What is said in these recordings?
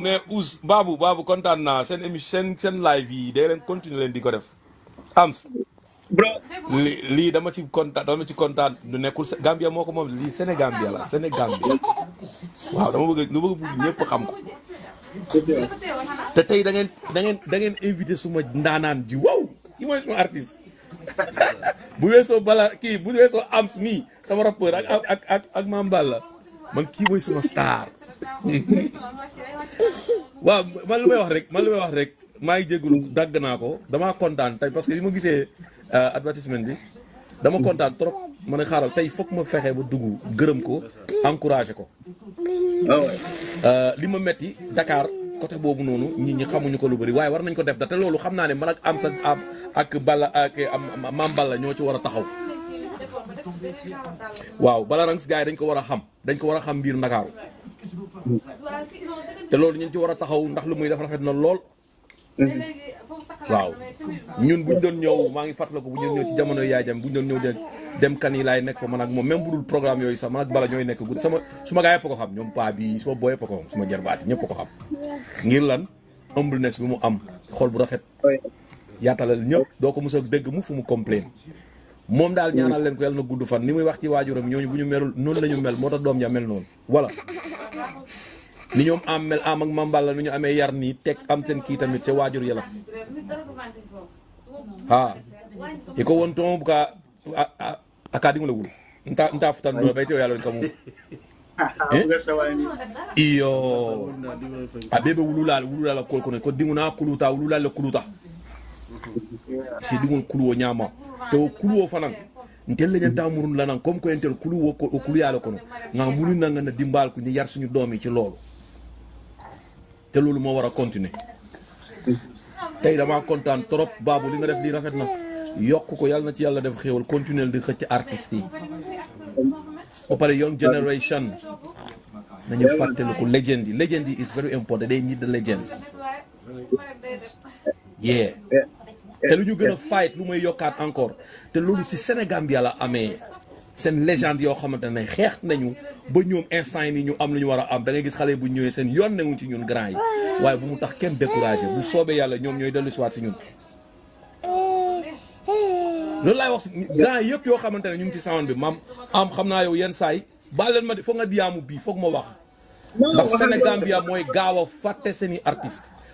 mais Ousse Babou baabu kontaan naa seen émission seen seen live yi day leen continuer leen di ko def. Ams. bro lii dama ci kontaan dama ci kontaan du nekkul Gambia moo ko moom lii Sénégambia la Sénégambia waaw dama bëgg lu bëgg ñëpp xam ko. te tey da ngeen da ngeen suma ndaanaan ji wow kii mooy suma artiste. bu weesoo balaa kii bu weesoo Ams mii sama rapport ak ak ak ak Mame man kii mooy suma star. waaw man lu may wax rek man lu may wax rek maa ngi jégalu dàgg naa ko damaa kontaan tey parce que bi ma gisee euh, advertisement bi dama kontaan trop ma ne xaaral tey foog ma fexe ba dugg gërëm ko encouragé ko. Ah euh, li ma metti Dakar côté boobu noonu nit ñi xamuñu ko lu bari waaye war nañ ko def da te loolu xam naa ne man ak am sa am ak Balla ak maam Balla ñoo ci war a taxaw. waaw bala Ranks gars yi dañ ko war a xam dañ ko war a xam biir Ndakaaru. te loolu ñu ci war a taxaw ndax lu muy def rafet na lool. waaw ñun bu ñu doon ñëw maa ngi fàttaliku bu ñu doon ñëw ci jamono yaay jam bu ñu doon ñëw dem kan yi laay nekk fa man ak moom même bu dul programme yooyu sax man ak bala ñooy nekk guddi sama suma gaa yëpp ko xam ñoom paa bi suma boo yëpp ko xam suma jarbaat ñëpp ko xam ngir lan humbleness bi mu am xool bu rafet yaatalal ñëpp doo ko mos a dégg mu fu mu complain mom dal ñaanal leen ko yalla na guddu fan ni muy wax ci wajuram ñoo buñu melul noonu mel mo tax doom ja mel non wala ni ñom am mel am ak mambal la ñu amé yar ni tek am sen ki tamit ci wajur yalla ha iko won ton buka akadi ngula wul nta nta futan do bayte yalla ko mu iyo abebe wulula wulula ko ko dinguna kuluta wulula kuluta siduŋol kuluwo ñama te wo kuluwo fanaŋ ntel le ñanta murun lanan comme koye ntel kuluwo o kuluyale kono nga murun nanga na dimbal ku ñu yar suñu doom yi ci loolu te loolu moo war a continue tey damaa kontaan trop baabu li nga def lii rafet na yokk ko yàlla na ci yàlla def xéewal continuer di xëcc artistes yi ba pare young generation nañu fàttaliku legend yi legend yi is very important they need the legends yeah te lu ñu gën a fight lu may yokkaat encore te loolu si bi yàlla amee seen légende yoo xamante ne xeex nañu ba ñoom instant yi nii ñu am lu ñu war a am da gis xale bu ñu ñëwee seen yoon newuñ ci ñun grand yi waaye bu mu tax kenn découragé bu soobee yàlla ñoom ñooy dellu si waat si ñun. loolu laay wax grand yëpp yoo xamante ne ñu ngi ci sound bi maam am xam naa yow yenn saay yi leen ma foog nga diyaamu bii foog ma wax. ndax Sénégambia mooy gaaw a fàtte seen i artistes.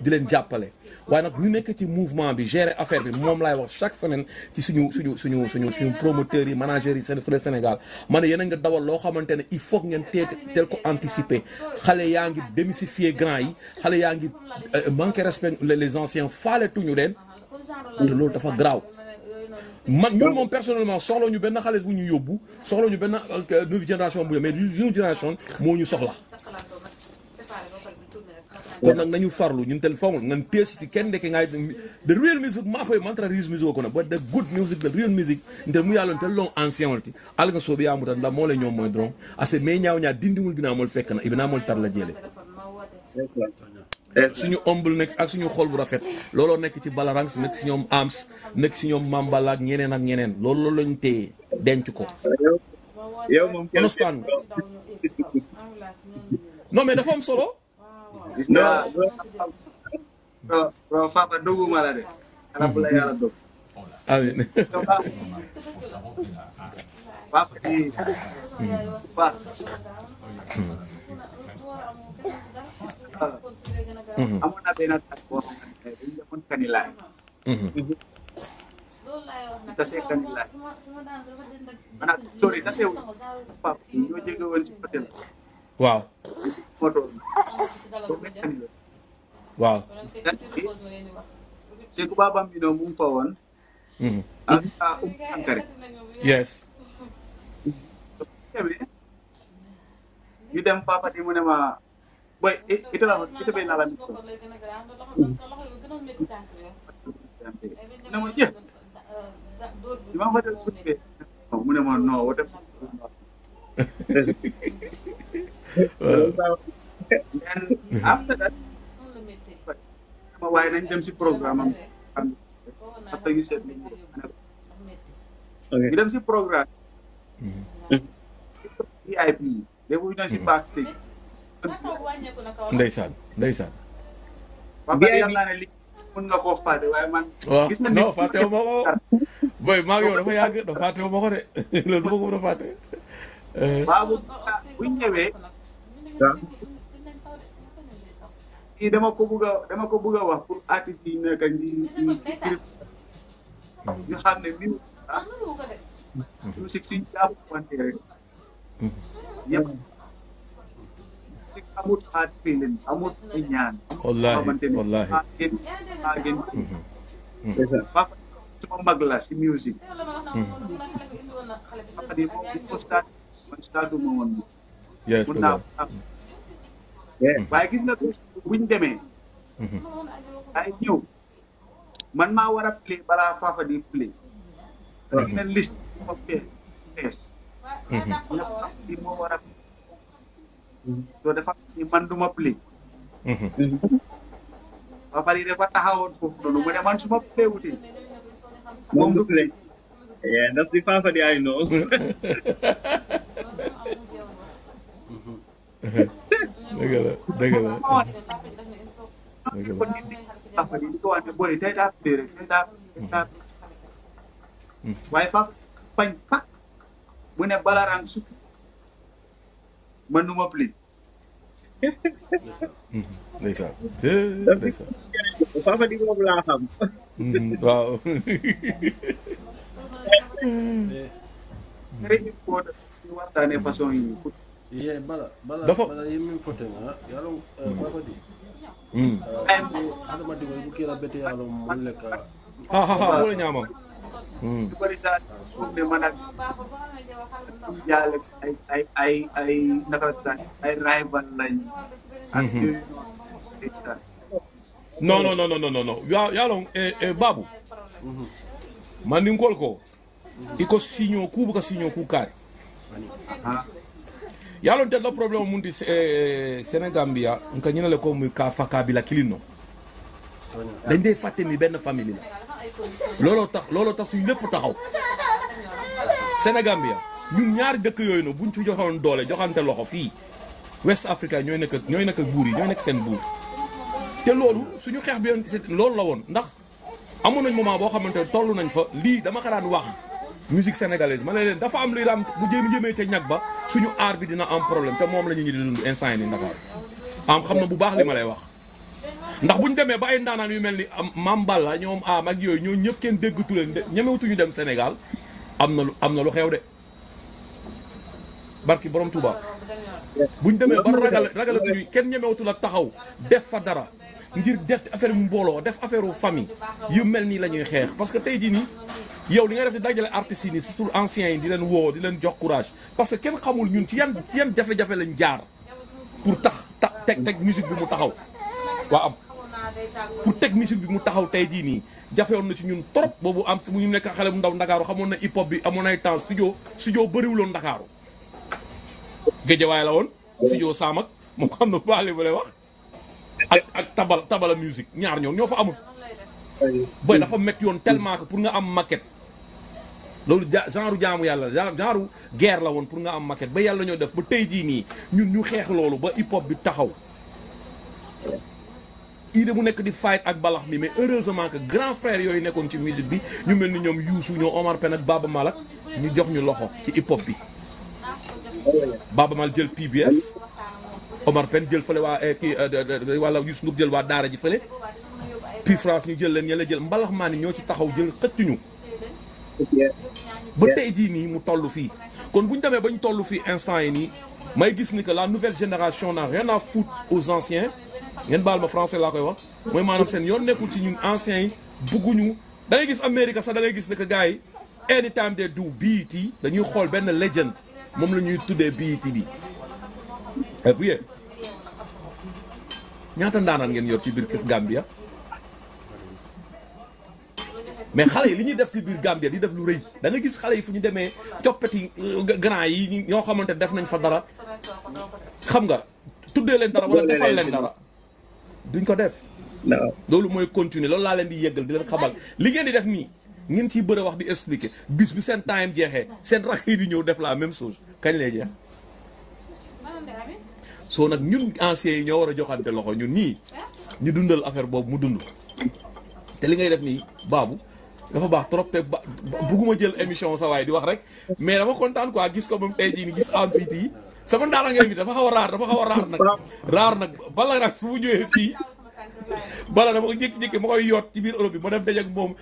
di leen jàppale waaye nag ñu nekk ci mouvement bi gérer affaire bi moom laay wax chaque semaine ci suñu suñu suñu suñu suñu promoteurs yi managers yi seen fële Sénégal ma ne yéen a nga dawal loo xamante ne il faut ngeen teel tel ko anticiper xale yaa ngi démystifier grand yi xale yaa ngi euh, manqué respect les anciens faale tuñu leen te loolu dafa garaaw man ñun moom personnellement soxla ñu benn xale bu ñu yóbbu soxla ñu benn euh, nouvelle génération bu mais nouvelle génération moo ñu soxla kon nag nañu farlu ñun tel fawmul ngan teesiti kenn ndeke ngaay the real music maa fay mantra real music o kono but the good music the real music ntel mu yaalon tel long na ibinamol tar la jeele bu rafet looloo nekk ci balarang nekk si ñoom AMS nekk si ñoom Mambala ak ñeneen ñeneen loolu loolu lañu téye denc ko. yow moom non mais dafa am solo. Istilah gue Rofa Padugu malah deh. Karena boleh hmm. ya tuh. Amin. Coba. Pak Amun ada yang tak bohong, kan? dia pun kanilai. Hmm. Kita sih kanilai. Anak sorry, kita sih Pak, ini juga seperti itu. Wow. Motor. Wow. Mm-hmm. Siapa Baba Mbino mu ngi fa woon Sankare yes ñu dem Fapati mu ne boy ita la ita bay na la nit mu ne di ma be then after that waaye nañ dem si programme am après ñu seet ñu dem si programme VIP yi defuñu na si backstage ndeysaan ndeysaan ne li mën de loolu ko mën a fàtte. waaw eh dama ko bëgg a dama ko bëgg a wax pour artistes yi nekk ak ñi ñu xam ne musique ah musique si jàppante rek yëpp musique amut aat feeling amut ay ñaan wallahi wallahi agen agen papa sama mag la si musique papa di moom di ko stade man stade ma woon yes waaye gis nga bés buñ demee. ay ñëw man maa war a play balaa faafa di play. ne liste moo fees. war a. dafa mm-hmm. ni man du ma play. ba pare dafa taxawoon foofu noonu mu ne man su ma play wutee. moom du play. yeah that's the faafa di ay noonu. Dégal dégal dégal dafa di ko ande boole day daa féere day daa daa waaye fa pañ pak bu ne balarang su mënuma pli ndeysaan ndeysaan papa di moom wow xam waaw rek ko waxtaane façon yi ye bala bala dafa bala ye min fɔ ten na hmm. hmm, hmm. yalɔ eh, eh, i ko mm ku buka siño ku kari ah. yàlla yalontelɗo probléme mundi euh, sénégambia nka ñinale ko muy ka faka bila kilinno dañ dee fàtte ni benn famille la looloo tax looloo tax suñ lépp taxaw sénégambia ñun ñaari dëkk yooyu no buñ ci joxoon doole joxante loxo fii west africa ñooy nekk ñooy nekk buur yi ñooy nekk seen buur te loolu suñu xeex bi yoon loolu la woon ndax amoon nañ moment boo xamante ne toll nañ fa lii dama xalaat wax musique sénégalaise ma ne leen dafa am luy ram bu jëm jëmee ca ñag ba suñu aar bi dina am problème te moom la ñu ñu di dund instant ni nii Ndakaar am xam na bu baax li ma lay wax ndax bu ñu demee ba ay ndaanaan yu mel ni am Mame Balla ñoom aam ak yooyu ñoo ñëpp kenn déggatu leen ñemewutuñu dem Sénégal am na lu am na lu xew de barki borom Touba bu ñu demee ba ragal ragalatuñu kenn ñemewutu la taxaw def fa dara ngir def affaire bu mbooloo def affaire u famille yu mel nii lañuy ñuy xeex parce que tey jii nii yow li nga def di dajale artistes yi nii surtout anciens yi di leen woo di leen jox courage parce que kenn xamul ñun ci yan ci yan jafe-jafe lañ jaar pour tax ta teg teg bi mu taxaw waa am pour teg musique bi mu taxaw tey jii nii jafewoon na ci ñun trop boobu am mu ñu nekk xale bu ndaw ndakaaru xamoon na hip hop bi amoon ay temps studio studio bëriwuloon ndakaaru géejawaay la woon studio Samak moom xam na bu baax wax ak ak tabal tabala musique ñaar ñoom ñoo fa amul. boy dafa métti yoon tellement pour nga am maquette. loolu genre jaamu yàlla la genre guerre la woon pour nga am maquette ba yàlla ñoo def ba tey jii nii ñun ñu xeex loolu ba hip hop bi taxaw. idée bu nekk di fight ak balax mi mais heureusement que grand frère yooyu nekkoon ci musique bi ñu mel ni ñoom Youssou ñoo Omar Pène ak Baba ak ñu jox ñu loxo ci hip hop bi. Baba Mal jël PBS. Omar Pène jël eh, eh, wala Youssou Ndour jël wa puis France ñu la ba mu kon la nouvelle génération n'a rien à foutre aux anciens ngeen français la koy wax moy manam sen yoon ci anciens ñu da ngay gis america sa da ngay gis ni que gaay anytime they do BET dañuy xol ben legend mom lañuy tuddé e bi have eh, you ñaata ndaanaan ngeen yor ci biir kër Gambia mais xale yi li ñuy def ci biir Gambia di def lu rëy da gis xale yi fu ñu demee coppeti euh, grand yi ñoo xamante def nañ fa dara xam nga tuddee leen dara wala defal leen dara duñ ko def loolu mooy continuer loolu laa leen di yëggal di leen xamal li ngeen di def nii ngeen ci bëre wax di expliquer bis bi seen time jeexee seen rax yi di ñëw def la même chose kañ lay jeex so nak ñun anciens yi ñoo war joxante loxo ñun ni ñu dundal affaire bobu mu dund té li ngay def ni babu dafa baax trop te ba jël émission sa way di wax rek mais dama contane quoi gis ko moom tay jii ni gis en fii yi sama ndara ngay invité dafa xaw rar dafa xaw rar nak rar nak bala nag su mu ñëwee bala dama ko jik ma koy yott ci biir Europe bi ma def dajak mom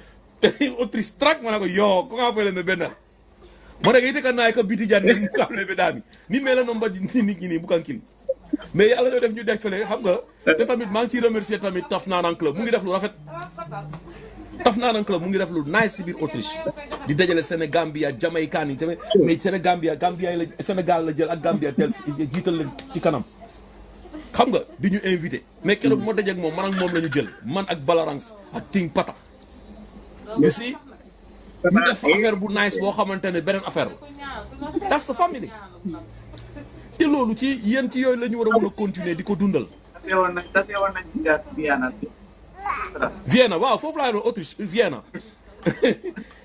té autrice track mo nako yo ko nga fële na benn ma ne ko kan ko biti jànne mu xam bi daami ni mel la noonu ni nit ñi bu kankil mais yàlla ñoo def ñu def fële xam nga te tamit maa ngi ciy remercier tamit Taf Naanan Club mu ngi def lu rafet Taf Naanan Club mu ngi def lu nice si biir Autriche di dajale Sénégambia Jamaïcain yi tamit mais Sénégambia Gambia yi la Sénégal la jël ak Gambia tel jiital la ci kanam xam nga di ñu invité mais keroog moo dajeeg moom man ak moom lañu jël man ak Balarance ak King Pata ñu si ñu def affaire bu nice boo xamante ne beneen affaire la that's the family te loolu ci yéen ci yooyu lañu war a mën a continuer di ko dundal. tasewoon nañ tasewoon nañ Vienna. waaw foofu laa doon Autriche Vienna.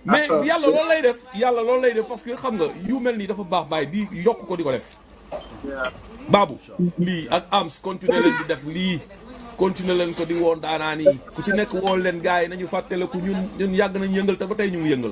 mais yàlla loolu lay def yàlla loolu lay def parce que xam nga yu mel nii dafa baax bàyyi di yokk ko di ko def. baabu lii ak AMS continuer leen di def lii continuer leen ko di woon daanaan yi ku ci nekk woon leen gars yi nañu fàttale ku ñun ñun yàgg nañ yëngal te ba tey ñu ngi yëngal.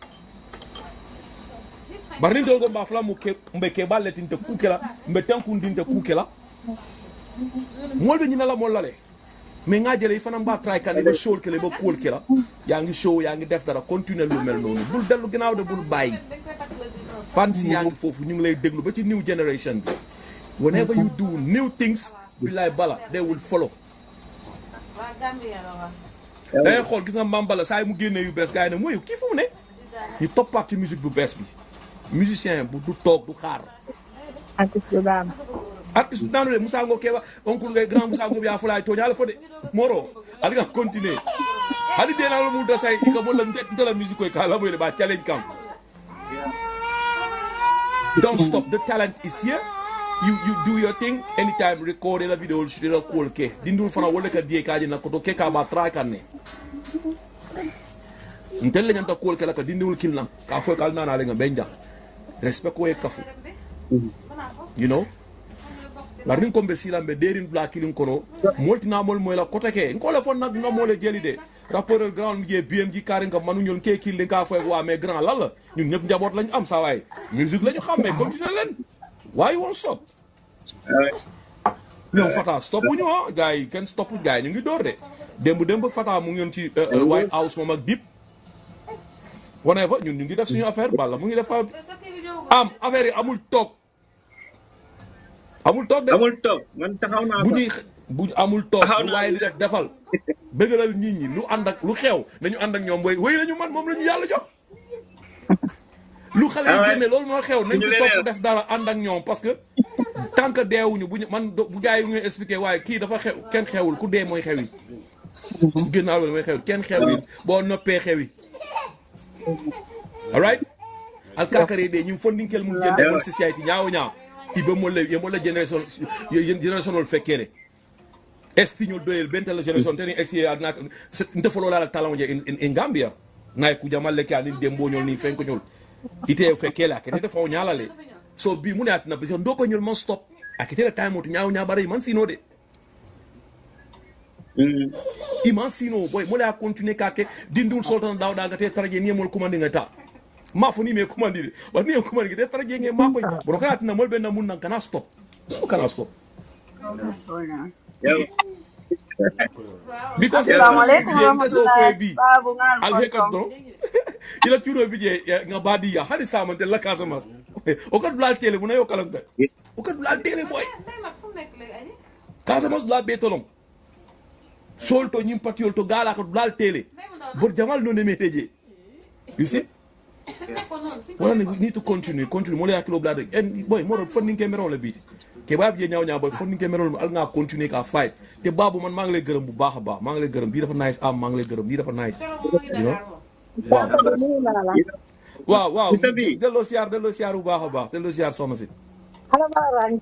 bari nin dolgo mba fula muke mbe ke balle tinte kukela mbe tankun dinte kukela molbe nyina la mollale mais nga jele fana mba try kan be show kele be pool kela yaangi show yaangi def dara continuer lu mel nonu bul delu ginaaw de bul bayyi fancy yaangi fofu ñu ngi lay deglu ba ci new generation bi whenever you do new things billahi bala they will follow da ngay eh, xool gis nga mbambala saa yi mu génnee yu bees gars yi ne mooy kii fu mu ne ñu toppaat ci musique bu bees bi musicien bu du tok du xaar. artiste bu artiste de Ngo grand a moro nga continuer la musique ba challenge don't stop the talent is here you you do your thing anytime record la vidéo shoot la call. ke dindul fana wala ka na nakoto ntelle ñanta kuwol kela ka dindiwol killan ka foy kal nana lenga ɓe jang respect ko ye kafu you know bari nin kombe silan ɓe derin dula kilin kono moltinamol moyla kota ke nkole fon naduna mole jeli de rapporteur grand je bmj karin ka manuñol ke killen ka foy wa mais grand lalla ñun ñëpp njaboot lañ am sa waay musique lañu xam continue len why you won't stop ñoom fata stop ñu ha gars yi kenn stop gars yi ñu ngi door de démb démb fata mu ngi yoon ci eh, eh, white house moom ak dip wane fa ñun ñu ngi def suñu affaire Balla mu ngi def am affaire yi amul toog. amul toog de amul toog man taxaw naa bu ñuy bu amul toog bu waaye di def defal bëggalal nit ñi lu ànd ak lu xew nañu ànd ak ñoom way wéy nañu man moom la yàlla jox. lu xale yi ah génne loolu moo xew nañ ci def dara ànd ak ñoom parce que tant que deewuñu bu ñu man bu gaa yi ñuy expliqué waaye kii dafa xew kenn xewul ku dee mooy xew yi. Mhm. ginnaaw bi mooy xew kenn xew yi ah. boo noppee xew yi. alright alkakare ɗe ñin fondinkel mum jende won sisiyayti ñawo ñaw ibe molle ye molla génération génération ol fekkere estiñol doyel bentala génération teni ex adna ntefololala talon je e gambia nayi kujamalle ke anin demboñol ni fenkoñol ite fekkele akete defawo ñalale so bi mune atina parce que ndokoñol man stop akitele time ñaa ñawo ñaɓarayi man siinoo de sino boy mo a continuer kake dindul soltan dawɗa gate ni mo commandinga ta ma fo ni me commandide ba ni commandingue gate traje ngi ma koy burokrat na mo be na mun nan kana stop kana stop because yente alaykum wa bi wa barakatuh ila turo bi je nga hari samante la mas o kat blal tele ne yo kalanta o kat blal tele boy mas la betolom solto ñim patiol to gala ko dal tele bor jamal no ne meteje you see wala we need to continue continue mo ya yaklo blade en boy mo fon ni kemero la biti ke bab je ñaw ñaw boy fon ni kemero al nga continue ka fight te babu man ma ngi lay gërëm bu baaxa baax ma lay gërëm bi dafa nice am ma ngi lay gërëm bi dafa nice you know Wow! Wow! delo siar delo siar bu baaxa baax delo siar soxna si ba rañ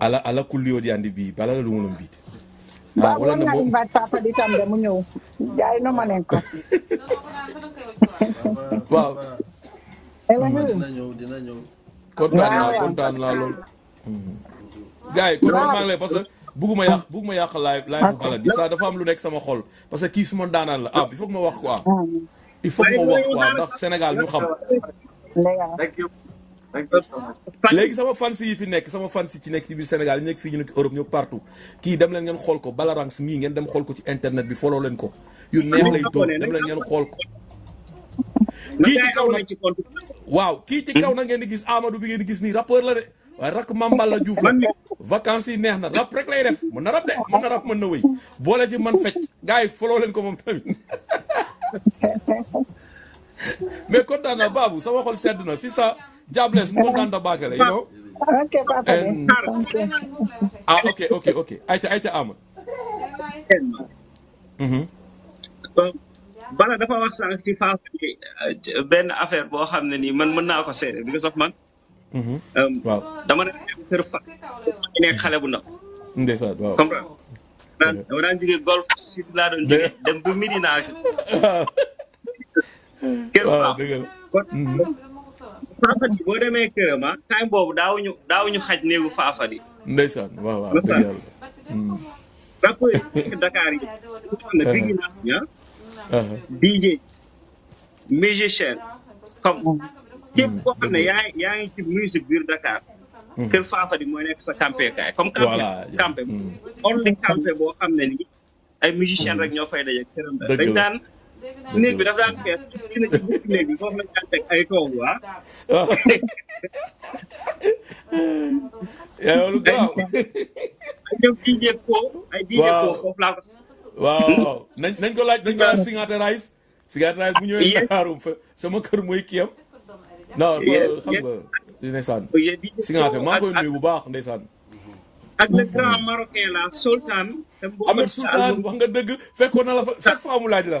ala ala kulliyoɗi andi mbi balala ɗum onon mbiyte ba wonnani mbatta paɗi tan de mo ñëw jaynomanen eh, ko kontaan naa kontaan naa lool hmm. gars yi kon man maa ngi lay parce que bugguma yàq bugguma yàq live live bala bi ça dafa am lu nekk sama xol parce que kii suma daanaan la ah il faut ma wax quoi ah. il faut que ma wax quoi ndax Sénégal ñu xam léegi sama fans yi fi nekk sama fans yi ci nekk ci biir Sénégal ñu nekk fii ñu nekk Europe ñu partout kii dem leen ngeen xool ko Balarangs mii ngeen dem xool ko ci internet bi follow leen ko yu neex lay doon dem leen ngeen xool ko kii ci kaw nag waaw kii ci kaw na ngeen di gis Amadou bi ngeen di gis nii rappeur la de waaye rakk mambal a Diouf la vacances yi neex na rap rek lay def mën na rap de mën na rap mën na wëy ci man fecc gars yi follow leen ko moom mais kontaan na Babou xol sedd na si ça God bless. Kumdanda Bagale, you know. Okay, Ah, okay, okay, okay. Aita, Aita Amon. benn affaire boo xam ne nii man mën naa ko seede bi nga sof man. Mm-hmm. Um, waaw dama ne kër fa nekk xale bu ndaw. ndeysaan waaw comprendre. daan eh. dama daan jógee dem bu midi naa. kër faafat yi boo demee këram ah time boobu daawuñu daawuñu xaj néegu faafat yi. ndeysaan waaw waaw dëgg yàlla. Hmm. rappeur yi nekk Dakar yi. Uh-huh. na ah. uh-huh. DJ musicien comme hmm. képp koo xam ne yaa yaa ngi ci musique biir Dakar. Hmm. kër faafat yi mooy nekk sa campé kaay. comme campé campé only campé boo xam ne ay musicien rek ñoo fay daje këram dañ néeg bi ay toogu ah. ko. waaw nañ nañ ko laaj nañ ko laaj Singata Rice. Singata Rice bu ñëwee Ndakaaru fa sama kër mooy kii am. non xam nga ndeysaan. Oh, Singata maa ngi koy nuyu bu baax ndeysaan. ak le grand nga dëgg fekkoon na la fa chaque laaj la.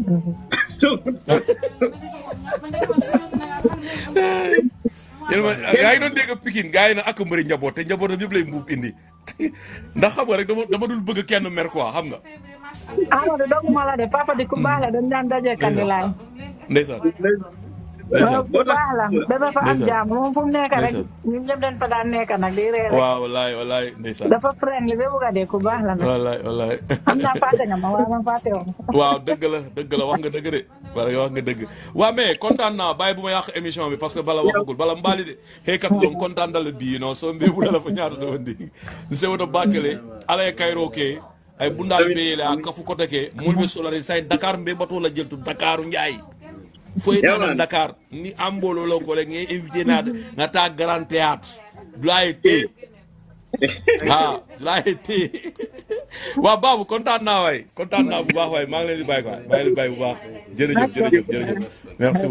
yaa ngi doon dégg Pikine gaa yi na ak mbëri njaboot te njabootam yëpp lay mbuub indi ndax xam nga rek dama dama dul bëgg kenn mer quoi xam nga. Amadou ah doogu ma la de papa di ku baax la dañ daan daje kandilaay. ndeysaan. waaw baax la dafa fa am jàmm moom fu mu nekk rek ñun ñëpp dañ fa daan nekk nag di reer waaw wallaay wallaay ndeysaan dafa friendly ba bëgg a ku baax la nag waaw dëgg la wax nga dëgg de wala nga dëgg waaw mais kontaan naa bàyyi bu ma yàq émission bi parce que bala waxagul bala mbaali de xeykat loon kontaan dala bii non soo mbee bu dala fa ñaata dawandi sewoto bakele alay kayro ke ay bundaal beyele a kafu kote ke mulɓe solare say dakar mbe batola jeltu dakaru foyi nana Dakar ni am mbooloo la ko rek ngay invité naa nga taa grand théâtre du laay téye ah du laay téye waaw Babou kontaan naa waay kontaan naa bu baax waay maa ngi leen di bàyyi waay maa ngi leen di bàyyi bu baax jërëjëf jërëjëf jërëjëf merci beaucoup